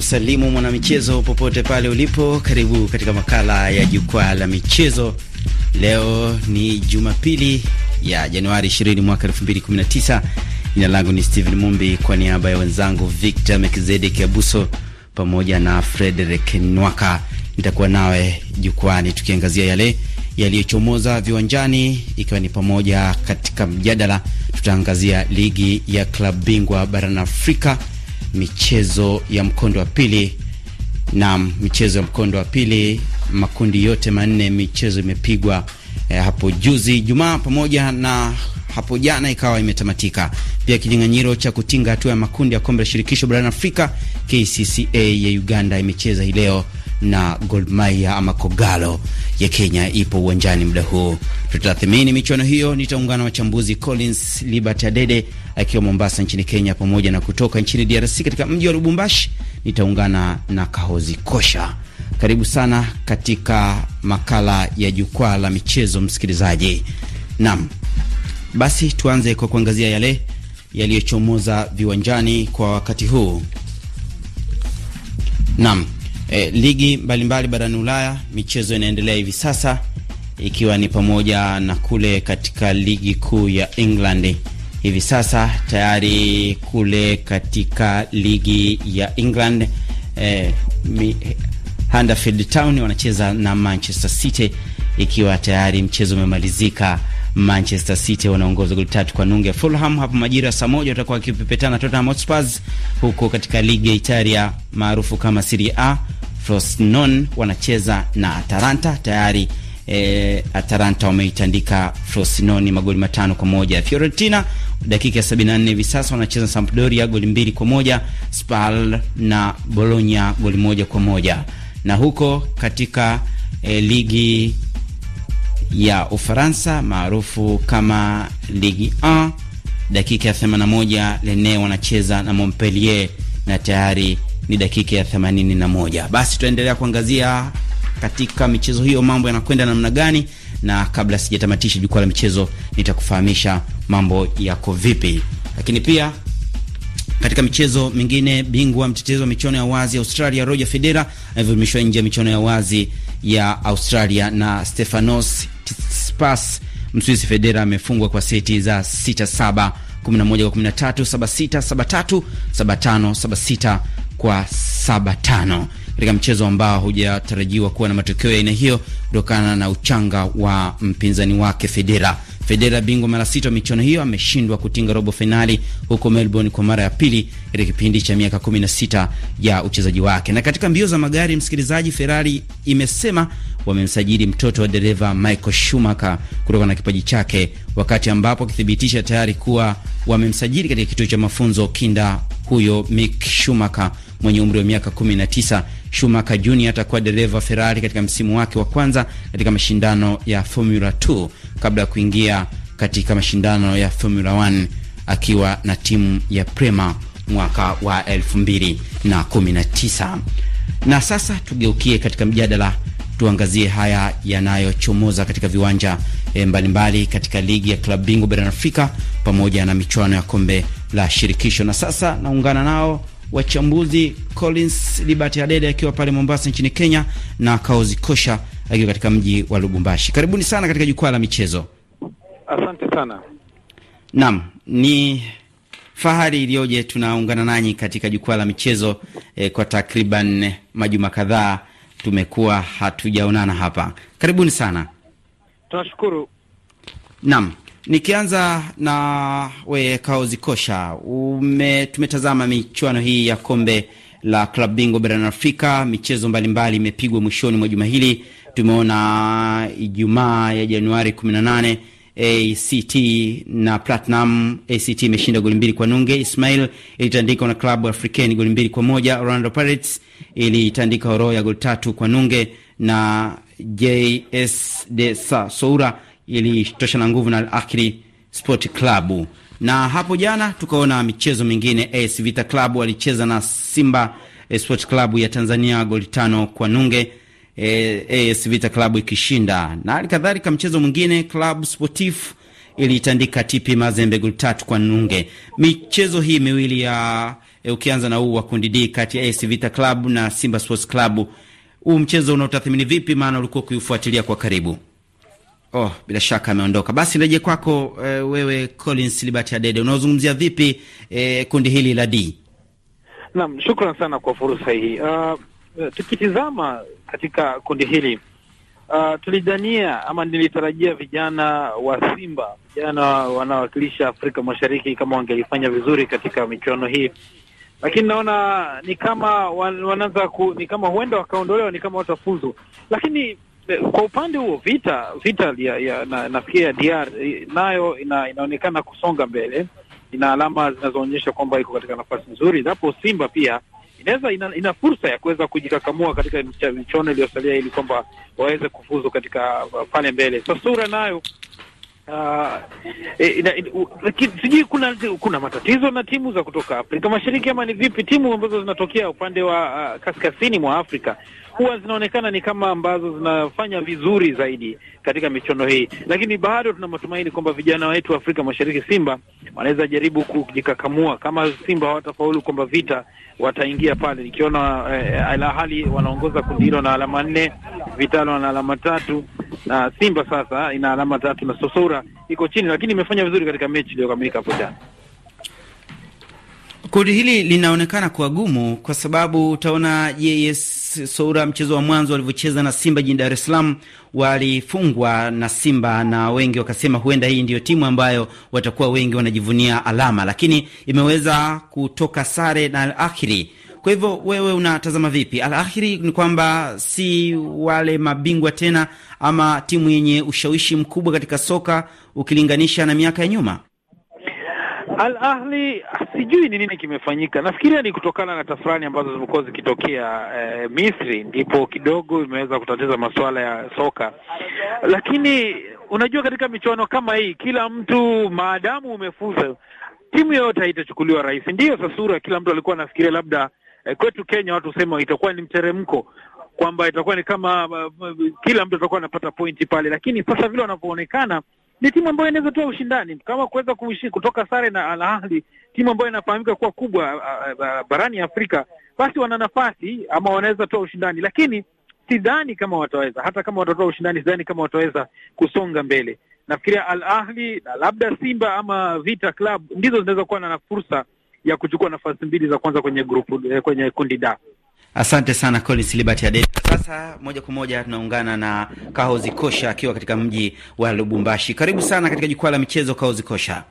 kusalimu mwanamichezo popote pale ulipo. Karibu katika makala ya jukwaa la michezo. Leo ni Jumapili ya Januari 20 mwaka 2019. Jina langu ni Steven Mumbi, kwa niaba ya wenzangu Victor Mekizedek Abuso pamoja na Frederick Nwaka, nitakuwa nawe jukwani tukiangazia yale yaliyochomoza viwanjani, ikiwa ni pamoja katika mjadala, tutaangazia ligi ya klabu bingwa barani Afrika michezo ya mkondo wa pili. na michezo ya mkondo wa pili, makundi yote manne michezo imepigwa eh, hapo juzi jumaa pamoja na hapo jana ikawa imetamatika. Pia kinyang'anyiro cha kutinga hatua ya makundi ya kombe la shirikisho barani Afrika KCCA ya Uganda imecheza hii leo na Gor Mahia ama Kogalo ya Kenya ipo uwanjani muda huu. tutathimini michuano hiyo, nitaungana na wachambuzi Collins Liberty Adede akiwa Mombasa nchini Kenya, pamoja na kutoka nchini DRC katika mji wa Lubumbashi. Nitaungana na Kahozi Kosha. Karibu sana katika makala ya jukwaa la michezo, msikilizaji. Naam, basi tuanze kwa kuangazia yale yaliyochomoza viwanjani kwa wakati huu. Naam, e, ligi mbalimbali barani Ulaya michezo inaendelea hivi sasa, ikiwa ni pamoja na kule katika ligi kuu ya England hivi sasa tayari kule katika ligi ya England eh, mi, Town wanacheza na Manchester City ikiwa tayari mchezo umemalizika. Manchester City wanaongoza goli tatu kwa nunge. Fulham hapo majira ya saa moja watakuwa wakipepetana Tottenham Hotspur, huko katika ligi ya Italia maarufu kama Serie A Frosinone wanacheza na Atalanta tayari E, Atalanta wameitandika Frosinone magoli matano kwa moja. Fiorentina dakika ya 74 hivi sasa wanacheza Sampdoria goli mbili kwa moja. Spal na Bologna goli moja kwa moja. Na huko katika e, ligi ya Ufaransa maarufu kama Ligi 1 dakika ya 81 Lene wanacheza na Montpellier na tayari ni dakika ya 81. Basi tuendelea kuangazia katika michezo hiyo mambo yanakwenda namna gani, na kabla sijatamatisha jukwaa la michezo nitakufahamisha mambo yako vipi. Lakini pia katika michezo mingine, bingwa mtetezi wa michuano ya wazi ya Australia Roger Federer amevumishwa nje ya michuano ya wazi ya Australia na Stefanos Tsitsipas Mswisi. Federer amefungwa kwa seti za 6-7, 11 kwa 13, 7-6, 7-3, 7-5, 7-6 kwa 7 katika mchezo ambao hujatarajiwa kuwa na matokeo ya aina hiyo kutokana na uchanga wa mpinzani wake Federa. Federa, bingwa mara sita wa michuano hiyo, ameshindwa kutinga robo fainali huko Melbourne kwa mara ya pili katika kipindi cha miaka 16 ya uchezaji wake. Na katika mbio za magari, msikilizaji, Ferrari imesema wamemsajili mtoto wa dereva Michael Schumacher kutokana na kipaji chake, wakati ambapo akithibitisha tayari kuwa wamemsajili katika kituo cha mafunzo kinda huyo Mick Schumacher mwenye umri wa miaka 19 Schumacher Jr atakuwa dereva Ferrari katika msimu wake wa kwanza katika mashindano ya Formula 2 kabla ya kuingia katika mashindano ya Formula 1 akiwa na timu ya Prema mwaka wa 2019. Na sasa tugeukie katika mjadala, tuangazie haya yanayochomoza katika viwanja eh, mbalimbali mbali katika ligi ya klabu bingwa barani Afrika pamoja na michuano ya kombe la shirikisho. Na sasa naungana nao wachambuzi Collins Liberty Adede akiwa pale Mombasa nchini Kenya na Kaozi Kosha akiwa katika mji wa Lubumbashi. Karibuni sana katika jukwaa la michezo. Asante sana. Naam, ni fahari iliyoje tunaungana nanyi katika jukwaa la michezo eh. Kwa takriban majuma kadhaa tumekuwa hatujaonana hapa, karibuni sana. Tunashukuru. Naam, Nikianza na we Kaozi Kosha, ume tumetazama michuano hii ya kombe la klabu bingwa barani Afrika. Michezo mbalimbali imepigwa mwishoni mwa juma hili. Tumeona Ijumaa ya Januari 18 ACT na Platinum. ACT imeshinda goli mbili kwa nunge. Ismail ilitandikwa na klabu African goli mbili kwa moja. Orlando Pirates ilitandika Horoya goli tatu kwa nunge, na JS de sa soura ilitoshana nguvu na Al Sport Club, na hapo jana tukaona michezo mingine. AS Vita Club walicheza na Simba Sport Club ya Tanzania goli tano kwa nunge, AS Vita Club ikishinda, na alikadhalika mchezo mwingine Club Sportif ilitandika TP Mazembe goli tatu kwa nunge. Michezo hii miwili ya e, ukianza na huu wa kundi D kati ya AS Vita Club na Simba Sports Club, huu mchezo unaotathmini vipi? Maana ulikuwa ukiufuatilia kwa karibu. Oh, bila shaka ameondoka. Basi nirejee kwako e, wewe Collins Liberty Adede, unaozungumzia vipi e, kundi hili la D? Naam, shukran sana kwa fursa hii. Uh, tukitizama katika kundi hili uh, tulidhania ama nilitarajia vijana wa Simba, vijana wanaowakilisha Afrika Mashariki, kama wangelifanya vizuri katika michuano hii, lakini naona ni kama wanaanza ku, ni kama huenda wakaondolewa, ni kama watafuzu, lakini Eh, kwa upande huo vita vita nafikiri ya DR eh, nayo ina, inaonekana kusonga mbele, ina alama zinazoonyesha kwamba iko katika nafasi nzuri, japo Simba pia inaweza ina, ina fursa ya kuweza kujikakamua katika michuano iliyosalia ili kwamba waweze kufuzu katika uh, pale mbele. sasura sura nayo uh, eh, sijui kuna kuna matatizo na timu za kutoka Afrika Mashariki ama ni vipi, timu ambazo zinatokea upande wa uh, kaskazini mwa Afrika huwa zinaonekana ni kama ambazo zinafanya vizuri zaidi katika michuano hii, lakini bado tuna matumaini kwamba vijana wetu wa Afrika Mashariki Simba wanaweza jaribu kujikakamua. Kama Simba hawatafaulu kwamba vita wataingia pale, nikiona eh, ala hali wanaongoza kundi hilo na alama nne, Vitalo na alama tatu na Simba sasa ina alama tatu na Sosora iko chini, lakini imefanya vizuri katika mechi iliyokamilika hapo jana. Kundi hili linaonekana kuwa gumu kwa sababu utaona JS sura mchezo wa mwanzo walivyocheza na Simba jijini Dar es Salaam, walifungwa na Simba na wengi wakasema huenda hii ndiyo timu ambayo watakuwa wengi wanajivunia alama, lakini imeweza kutoka sare na Al Ahly. Kwa hivyo wewe unatazama vipi? Al Ahly ni kwamba si wale mabingwa tena ama timu yenye ushawishi mkubwa katika soka ukilinganisha na miaka ya nyuma? Al Ahli sijui ni nini kimefanyika. Nafikiria ni kutokana na tafrani ambazo zimekuwa zikitokea eh, Misri, ndipo kidogo imeweza kutatiza masuala ya soka, lakini unajua katika michuano kama hii kila mtu maadamu umefuza timu yoyote haitachukuliwa rahisi. Ndiyo sasura sura kila mtu alikuwa anafikiria labda, eh, kwetu Kenya watu husema itakuwa ni mteremko, kwamba itakuwa ni kama uh, kila mtu atakuwa anapata pointi pale, lakini sasa vile wanavyoonekana ni timu ambayo inaweza toa ushindani kama kuweza kutoka sare na Al Ahly, timu ambayo inafahamika kuwa kubwa barani Afrika, basi wana nafasi ama wanaweza toa ushindani, lakini sidhani kama wataweza. Hata kama watatoa ushindani, sidhani kama wataweza kusonga mbele. Nafikiria Al Ahly na labda Simba ama Vita Club ndizo zinaweza kuwa na fursa ya kuchukua nafasi mbili za kwanza kwenye grupu, eh, kwenye kundi da Asante sana Collins Liberty Adede. Sasa moja kwa moja tunaungana na Kahozi Kosha akiwa katika mji wa Lubumbashi. Karibu sana katika jukwaa la michezo, Kahozi Kosha.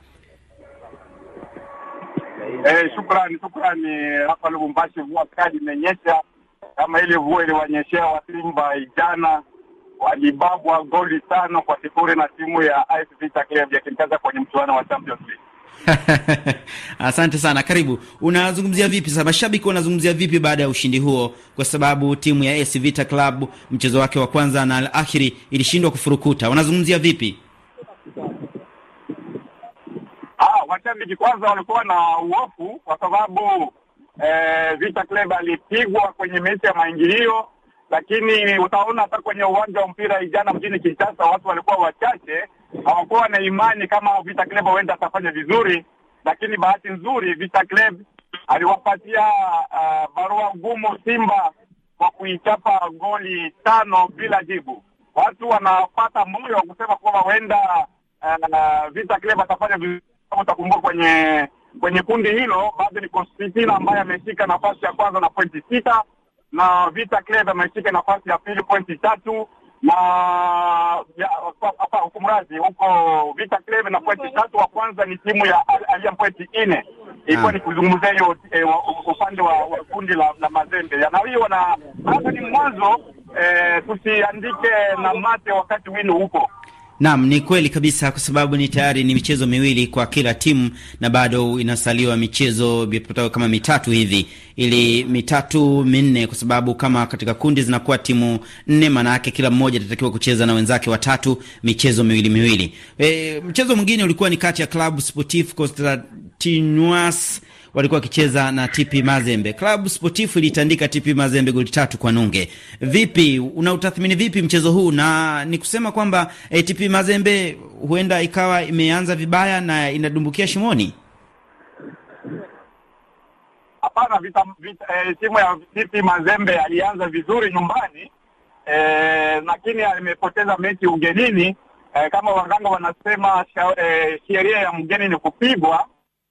Eh, shukrani, shukrani. Hapa Lubumbashi vua kali imenyesha, kama ile vua iliwanyeshea Wasimba jana, walibabwa goli tano kwa sifuri na timu ya AS Vita Club ya Kinshasa kwenye mchuano wa Champions League. Asante sana, karibu. Unazungumzia vipi sasa, mashabiki wanazungumzia vipi baada ya ushindi huo, kwa sababu timu ya AS Vita Club mchezo wake wa kwanza na Al Ahly ilishindwa kufurukuta, wanazungumzia vipi? Mashabiki washabiki kwanza walikuwa na uofu kwa sababu eh, Vita Club alipigwa kwenye mechi ya maingilio, lakini utaona hata kwenye uwanja wa mpira ijana mjini Kinshasa watu walikuwa wachache hawakuwa na imani kama Vita Club huenda atafanya vizuri, lakini bahati nzuri Vita Club aliwapatia uh, barua ngumu Simba kwa kuichapa goli tano bila jibu. Watu wanapata moyo wa kusema kwamba huenda uh, Vita Club atafanya vizuri. Utakumbuka kwenye kwenye kundi hilo bado ni Constantine ambaye ameshika nafasi ya kwanza na pointi sita na Vita Club ameshika nafasi ya pili pointi tatu na hapa kumradhi, huko Vita Club na pointi tatu, wa kwanza ni timu ya alia pointi nne. Ilikuwa ah. ni kuzungumzia hiyo eh, upande wa kundi la Mazembe, na hiyo wana hapa ni mwanzo, eh, tusiandike na mate wakati wino huko Naam, ni kweli kabisa, kwa sababu ni tayari ni michezo miwili kwa kila timu na bado inasaliwa michezo vipatao kama mitatu hivi, ili mitatu minne, kwa sababu kama katika kundi zinakuwa timu nne, maana yake kila mmoja atatakiwa kucheza na wenzake watatu michezo miwili miwili. E, mchezo mwingine ulikuwa ni kati ya Club Sportif Constantinois walikuwa wakicheza na TP Mazembe. Klabu Sportifu ilitandika TP Mazembe goli tatu kwa nunge. Vipi, unautathmini vipi mchezo huu? Na ni kusema kwamba eh, TP Mazembe huenda ikawa imeanza vibaya na inadumbukia shimoni. Hapana, vita, vita, eh, timu ya TP Mazembe alianza vizuri nyumbani eh, lakini amepoteza mechi ugenini. Eh, kama waganga wanasema, eh, sheria ya mgeni ni kupigwa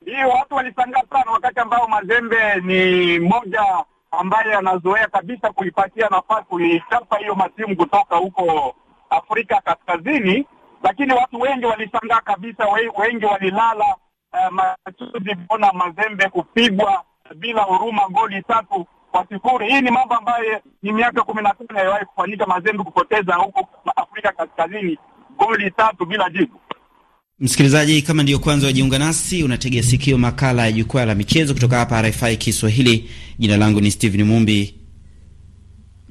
hii watu walishangaa sana wakati ambao Mazembe ni mmoja ambaye anazoea kabisa kuipatia nafasi, kuichapa hiyo matimu kutoka huko Afrika Kaskazini, lakini watu wengi walishangaa kabisa, wengi walilala uh, eh, machuzi kuona Mazembe kupigwa bila huruma goli tatu kwa sifuri. Hii ni mambo ambayo ni miaka kumi na tano haiwahi kufanyika, Mazembe kupoteza huko Afrika Kaskazini goli tatu bila jibu. Msikilizaji, kama ndiyo kwanza wajiunga nasi, unategea sikio makala ya jukwaa la michezo kutoka hapa RFI Kiswahili. Jina langu ni Steven Mumbi,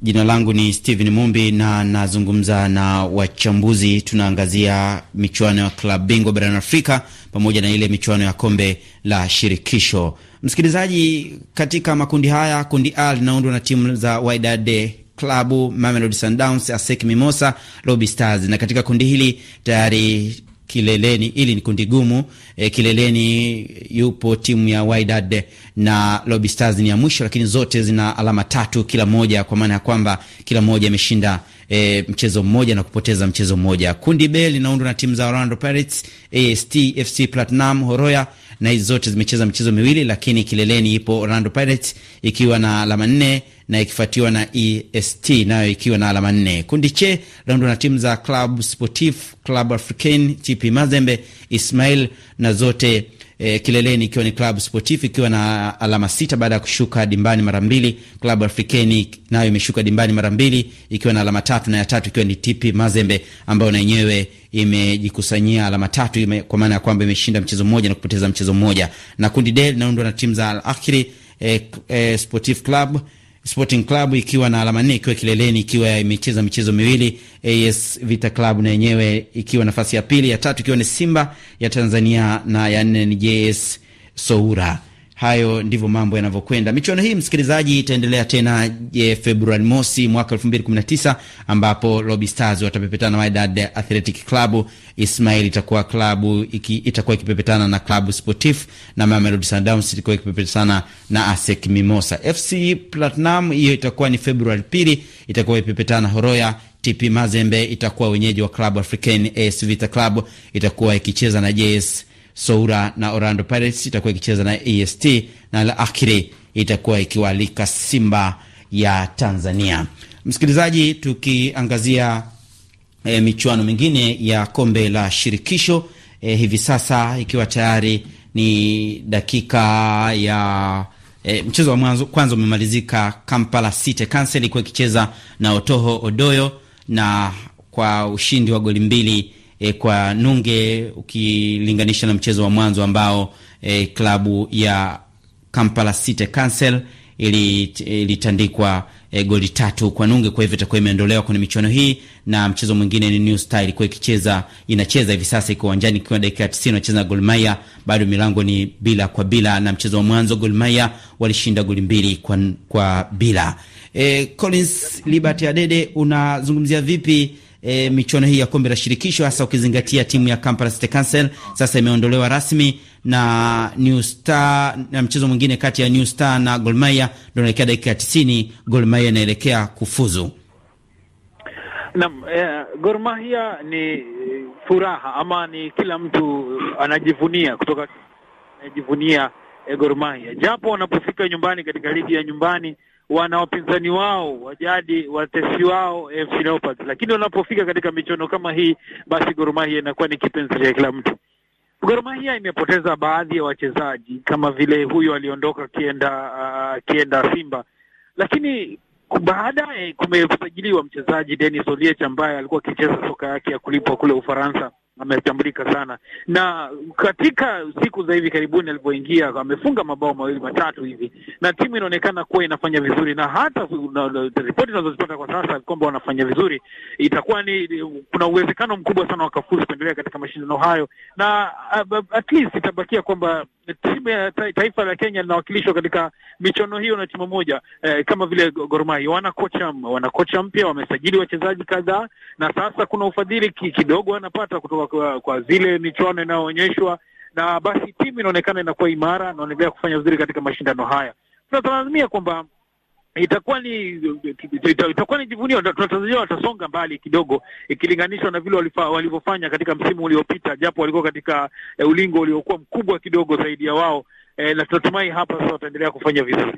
jina langu ni Steven Mumbi na nazungumza na wachambuzi. Tunaangazia michuano ya klabu bingwa barani Afrika pamoja na ile michuano ya kombe la shirikisho. Msikilizaji, katika makundi haya, kundi A linaundwa na timu za Wydad klabu Mamelodi Sundowns, ASEC Mimosa, Lobi Stars, na katika kundi hili tayari kileleni, ili ni kundi gumu e, kileleni yupo timu ya Wydad na Lobi Stars ni ya mwisho, lakini zote zina alama tatu kila moja, kwa maana ya kwamba kila moja imeshinda e, mchezo mmoja na kupoteza mchezo mmoja. Kundi B linaundwa na timu za Orlando Pirates, AST, FC Platinum, Horoya na hizi zote zimecheza michezo miwili, lakini kileleni ipo Orlando Pirates ikiwa na alama nne na ikifuatiwa na EST nayo ikiwa na alama nne. Kundi che laundwa na timu za Club Sportif, Club Africain, TP Mazembe, Ismail na zote E, kileleni ikiwa ni Club Sportif ikiwa na alama sita baada ya kushuka dimbani mara mbili. Club Afrikeni nayo imeshuka dimbani mara mbili ikiwa na alama tatu, na ya tatu ikiwa ni TP Mazembe ambayo na yenyewe imejikusanyia alama tatu ime, kwa maana ya kwamba imeshinda mchezo mmoja na kupoteza mchezo mmoja. Na kundi D linaundwa na timu za Al Akhiri e, eh, e, eh, Sportif Club Sporting Club ikiwa na alama nne ikiwa kileleni ikiwa imecheza michezo miwili. AS Vita Club na yenyewe ikiwa nafasi ya pili, ya tatu ikiwa ni Simba ya Tanzania na ya nne ni JS Soura Hayo ndivyo mambo yanavyokwenda. Michuano hii msikilizaji, itaendelea tena je, eh, Februari mosi mwaka elfu mbili kumi na tisa ambapo Lobi Stars watapepetana na Wydad Athletic Club. Ismail itakuwa klabu iki, itakuwa ikipepetana na Klabu Sportif na Mamelodi Sundowns itakuwa ikipepetana na ASEC Mimosa. FC Platinum hiyo itakuwa ni Februari pili, itakuwa ikipepetana Horoya. TP Mazembe itakuwa wenyeji wa klabu African. AS Vita Club itakuwa ikicheza na JS Soura na Orlando Pirates itakuwa ikicheza na AST na Al Ahly itakuwa ikiwaalika Simba ya Tanzania. Msikilizaji, tukiangazia e, michuano mingine ya kombe la shirikisho e, hivi sasa ikiwa tayari ni dakika ya e, mchezo wa mwanzo kwanza umemalizika. Kampala City Council ilikuwa ikicheza na Otoho Odoyo na kwa ushindi wa goli mbili e, kwa nunge ukilinganisha na mchezo wa mwanzo ambao e, klabu ya Kampala City Council e, ilitandikwa e, goli tatu kwa nunge. Kwa hivyo itakuwa imeondolewa kwenye michuano hii, na mchezo mwingine ni New Star ilikuwa ikicheza inacheza hivi sasa, iko uwanjani ikiwa dakika 90 inacheza na Gor Mahia, bado milango ni bila kwa bila, na mchezo wa mwanzo Gor Mahia walishinda goli mbili kwa, kwa bila. E, Collins Liberty Adede, unazungumzia vipi e, michuano hii ya kombe la shirikisho, hasa ukizingatia timu ya Kampala City Council sasa imeondolewa rasmi na New Star, na mchezo mwingine kati ya New Star na Gor Mahia ndio unaelekea dakika ya tisini. Gor Mahia inaelekea kufuzu. Naam, eh, Gor Mahia ni furaha ama ni kila mtu anajivunia kutoka anajivunia eh, Gor Mahia japo wanapofika nyumbani katika ligi ya nyumbani wana wapinzani wao wajadi watesi wao AFC Leopards, lakini wanapofika katika michuano kama hii, basi Gor Mahia inakuwa ni kipenzi cha kila mtu. Gor Mahia imepoteza baadhi ya wachezaji kama vile huyo aliondoka akienda uh, kienda Simba, lakini baadaye kumesajiliwa mchezaji denis Oliech ambaye alikuwa akicheza soka yake ya kulipwa kule Ufaransa ametambulika sana na katika siku za hivi karibuni alivyoingia amefunga mabao mawili matatu hivi, na timu inaonekana kuwa inafanya vizuri, na hata ripoti zinazozipata kwa sasa kwamba wanafanya vizuri, itakuwa ni kuna uwezekano mkubwa sana wakafuzu kuendelea katika mashindano hayo, na uh, at least itabakia kwamba Eh, timu ya taifa la Kenya linawakilishwa katika michuano hiyo na timu moja eh, kama vile Gor Mahia wana kocha wana kocha mpya, wamesajili wachezaji kadhaa, na sasa kuna ufadhili kidogo wanapata kutoka kwa, kwa zile michuano inayoonyeshwa, na basi timu inaonekana inakuwa imara na inaendelea kufanya vizuri katika mashindano haya. Tunatazamia kwamba itakuwa ni itakuwa ni jivunio. Tunatazamia watasonga mbali kidogo ikilinganishwa na vile walivyofanya katika msimu uliopita, japo walikuwa katika e, ulingo uliokuwa mkubwa kidogo zaidi ya wao e, na tunatumai hapa sasa wataendelea kufanya vizuri.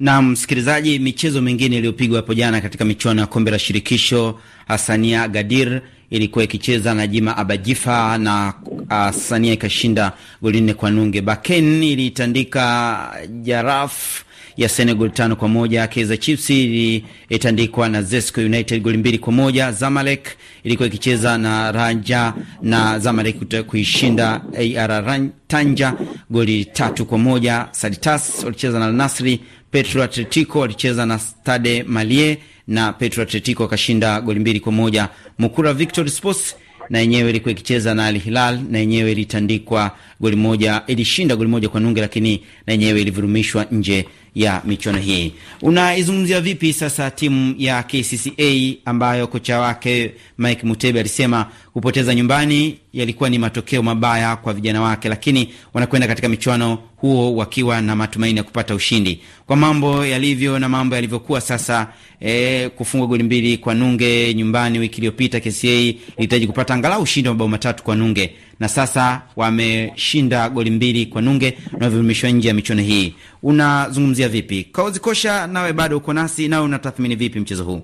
Na msikilizaji, michezo mingine iliyopigwa hapo jana katika michuano ya kombe la shirikisho, Hasania Gadir ilikuwa ikicheza na Jima Abajifa na uh, Hasania ikashinda goli nne kwa nunge. Baken ilitandika Jaraf ya Senegal tano kwa moja. Kaizer Chiefs ilitandikwa na Zesco United goli mbili kwa moja. Zamalek ilikuwa ikicheza na Ranja na Zamalek kuishinda AR Tanja goli tatu kwa moja. Saditas walicheza na Al Nassr. Petro Atletico walicheza na Stade Malie na Petro Atletico akashinda goli mbili kwa moja. Mukura Victory Sports na yenyewe ilikuwa ikicheza na Al Hilal na yenyewe ilitandikwa goli moja, ilishinda goli moja kwa nunge, lakini na yenyewe ilivurumishwa nje ya michuano hii. Unaizungumzia vipi sasa timu ya KCCA ambayo kocha wake Mike Mutebe alisema kupoteza nyumbani yalikuwa ni matokeo mabaya kwa vijana wake, lakini wanakwenda katika michuano huo wakiwa na matumaini ya kupata ushindi. Kwa mambo yalivyo na mambo yalivyokuwa sasa, e, kufungwa goli mbili kwa nunge nyumbani wiki iliyopita, KCA ilihitaji kupata angalau ushindi wa mabao matatu kwa nunge, na sasa wameshinda goli mbili kwa nunge na nje ya michuano hii. Unazungumzia vipi Kauzi Kosha? Nawe bado uko nasi, nawe unatathmini vipi mchezo huu?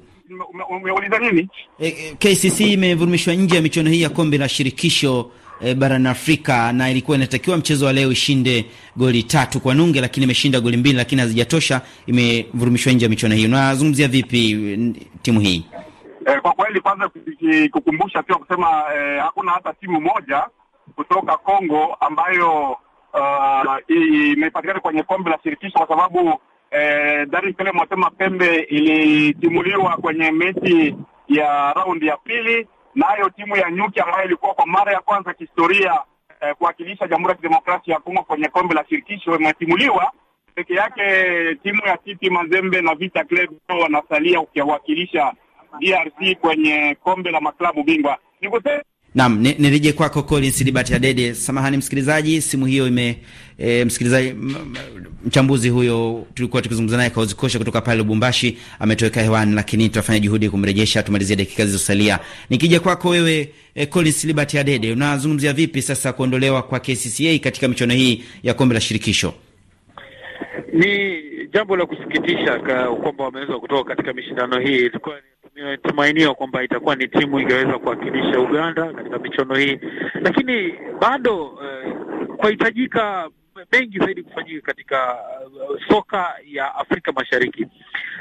Umeuliza nini? Eh, eh, KCC imevurumishwa nje ya michuano hii ya kombe la shirikisho e, barani Afrika, na ilikuwa inatakiwa mchezo wa leo ishinde goli tatu kwa nunge, lakini imeshinda goli mbili, lakini hazijatosha, imevurumishwa nje ya michuano hii Unazungumzia vipi eh, timu hii? E, kwa kweli kwanza kukumbusha pia kusema e, hakuna hata timu moja kutoka Kongo ambayo uh, imepatikana kwenye kombe la shirikisho kwa sababu eh, Dar es Salaam Motema Pembe ilitimuliwa kwenye mechi ya raundi ya pili nayo timu ya nyuki ambayo ilikuwa kwa mara ya kwanza kihistoria eh, kuwakilisha Jamhuri ya Kidemokrasia ya Kongo kwenye kombe la shirikisho imetimuliwa peke yake. Timu ya City Mazembe na Vita Club wanasalia ukiwakilisha DRC kwenye kombe la maklabu bingwa. Nikusema Naam, nirije kwako Collins Libert Adede. Samahani msikilizaji, simu hiyo ime e, msikilizaji mchambuzi huyo tulikuwa tukizungumza naye Kaozi Kosha kutoka pale Lubumbashi ametoweka hewani, lakini tutafanya juhudi kumrejesha tumalizie dakika zilizosalia. Nikija kwako wewe e, Collins Libert Adede, unazungumzia vipi sasa kuondolewa kwa KCCA katika michuano hii ya kombe la shirikisho? Ni jambo la kusikitisha kwamba wameweza kutoka katika mishindano hii. Ilikuwa tumainio kwamba itakuwa ni timu ingeweza kuwakilisha Uganda katika michuano hii, lakini bado uh, kwahitajika mengi zaidi kufanyika katika eh, soka ya Afrika Mashariki.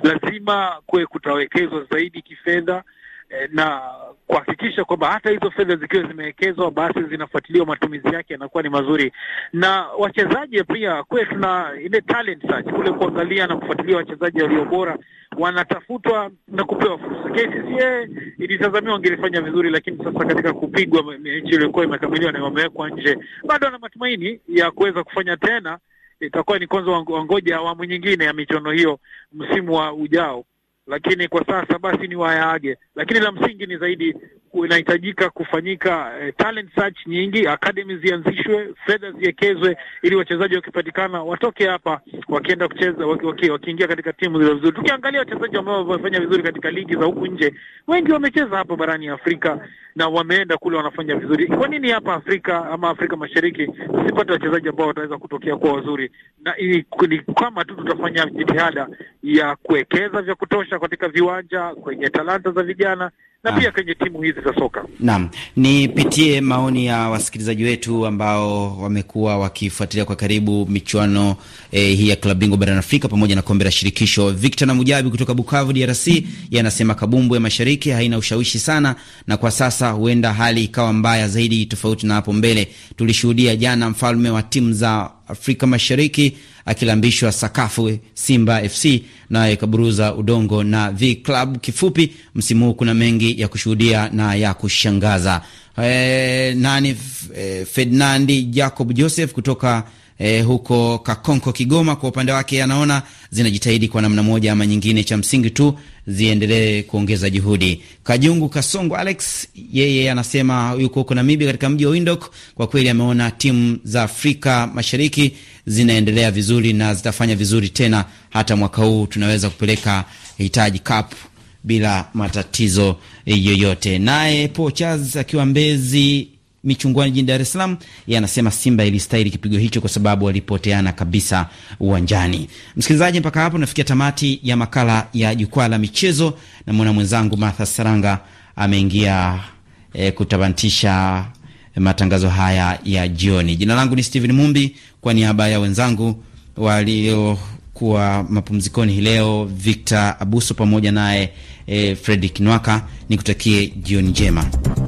Lazima kuwe kutawekezwa zaidi kifedha Eh, na kuhakikisha kwamba hata hizo fedha zikiwa zimewekezwa basi zinafuatiliwa, matumizi yake yanakuwa ni mazuri. Na wachezaji pia kwetu, tuna ile talent search kule kuangalia na kufuatilia wachezaji walio bora wanatafutwa na kupewa fursa. KCCA ilitazamiwa wangelifanya vizuri, lakini sasa katika kupigwa mechi iliyokuwa imekamiliwa na wamewekwa nje, bado ana matumaini ya kuweza kufanya tena. Itakuwa ni kwanza wangoja awamu nyingine ya michuano hiyo msimu wa ujao lakini kwa sasa basi ni wayaage, lakini la msingi ni zaidi inahitajika kufanyika eh, talent search nyingi, academy zianzishwe, fedha ziwekezwe, ili wachezaji wakipatikana watoke hapa wakienda kucheza waki, waki, wakiingia katika timu zile vizuri. Tukiangalia wachezaji ambao wamefanya vizuri katika ligi za huku nje, wengi wamecheza hapa barani Afrika na wameenda kule wanafanya vizuri. Kwa nini hapa Afrika ama Afrika Mashariki tusipate wachezaji ambao wataweza kutokea kuwa wazuri? Na ni kama tu tutafanya jitihada ya kuwekeza vya kutosha katika viwanja, kwenye talanta za vijana na pia ah. kwenye timu hizi za soka. Naam, nipitie maoni ya wasikilizaji wetu ambao wamekuwa wakifuatilia kwa karibu michuano eh, hii ya klabu bingwa barani Afrika pamoja na kombe la shirikisho. Victor na Mujabi kutoka Bukavu DRC, yanasema kabumbu ya mashariki haina ushawishi sana, na kwa sasa huenda hali ikawa mbaya zaidi, tofauti na hapo mbele. Tulishuhudia jana mfalme wa timu za Afrika Mashariki akilambishwa sakafu Simba FC naye ikaburuza udongo na V Club. Kifupi, msimu huu kuna mengi ya kushuhudia na ya kushangaza. E, nani e, eh, Ferdinandi Jacob Joseph kutoka eh, huko Kakonko Kigoma, kwa upande wake anaona zinajitahidi kwa namna moja ama nyingine, cha msingi tu ziendelee kuongeza juhudi. Kajungu Kasongo Alex yeye anasema yuko huko Namibia, katika mji wa Windhoek. Kwa kweli ameona timu za Afrika Mashariki zinaendelea vizuri na zitafanya vizuri tena, hata mwaka huu tunaweza kupeleka hitaji cup bila matatizo yoyote. Naye Pochaz akiwa Mbezi Michungwani jijini Dar es Salaam, yeye anasema Simba ilistahili kipigo hicho kwa sababu walipoteana kabisa uwanjani. Msikilizaji, mpaka hapo nafikia tamati ya makala ya jukwaa la michezo. Namwona mwenzangu Martha Saranga ameingia e, eh, kutabantisha matangazo haya ya jioni. Jina langu ni Steven Mumbi, kwa niaba ya wenzangu waliokuwa mapumzikoni hii leo, Victor Abuso pamoja naye e, eh, Fredrik Nwaka, nikutakie jioni njema.